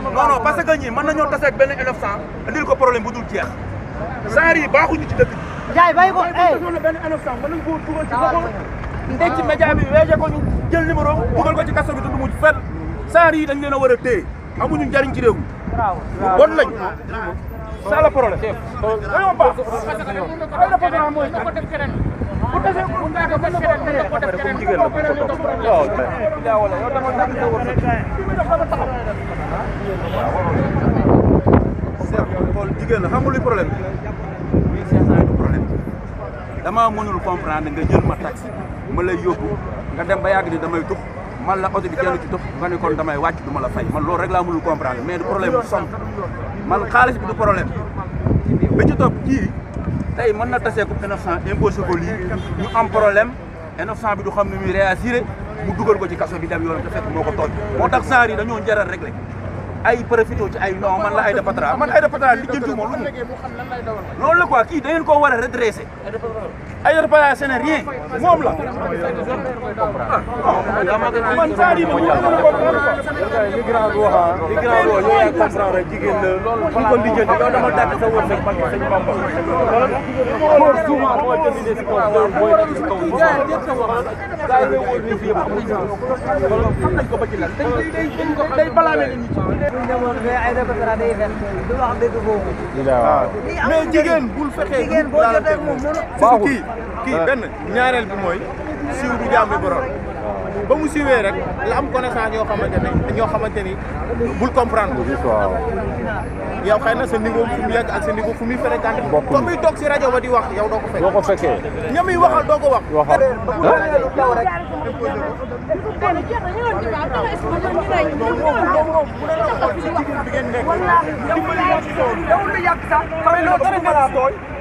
non non parce que ñii mën nañoo tase ak benn élève sans indil ko problème bu dul jeex genre yi baaxuñu ci dëkk bi. jaay bàyyi ko eh bu ñu benn élève sans mën nañu koo dugal ci boppam. ndecc média bi weeje ko ñu jël numéro dugal ko ci kaso bi te du mujj fenn genre yi dañ leen a war a téye ci réew mi. bon lañ. c'est xool jigéen la xam nga luy problème bi mille cinq cent du problème damaa mënul comprendre nga jël ma taxi ma lay yóbbu nga dem ba yàgg ni damay tux man la oto bi kenn ci tux nga ne kon damay wàcc du ma la fay man loolu rek laa mënul comprendre mais du problème bu som man xaalis bi du problème bi ci topp kii tey man na tasee ko innocent imposé ko lii ñu am problème innocent bi du xam ne muy réagir mu dugal ko ci kaso bi dem yoonam te fekk moo ko tooñ moo tax genre yi dañoo njaral rek ay profité ay non man la Aïda Patra man Aïda Patra li jëm ci lu mu loolu la quoi kii da ngeen koo war ay repas ce n'est rien moom la. man saa di ma mën a comprendre quoi. jigéen la ko lijjanti yow dama dàkk sa wërsëg parce que sëñ Bamba. loolu souvent boo jëndee si kaw booy nekk si kaw bi. gars yi wóor ni fii yëpp amul xam nañ ko ba ci lan dañ day day balaame nit ñi. mais jigéen bul fexe. jigéen boo jotee moom kii benn ñaareel bi mooy siiw du jaamu borom ba mu siiwee rek la am connaissance yoo xamante ne ñoo xamante ni bul comprendre ko. waaw. yow xëy na sa niveau fu mu yegg ak sa niveau fu muy fréquenté. bokkul comme muy toog si rajo ba di wax yow doo ko fekkee. doo ko fekkee. ña muy waxal doo ko wax. waxal ah.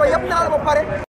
ba yëpp naa la ba pare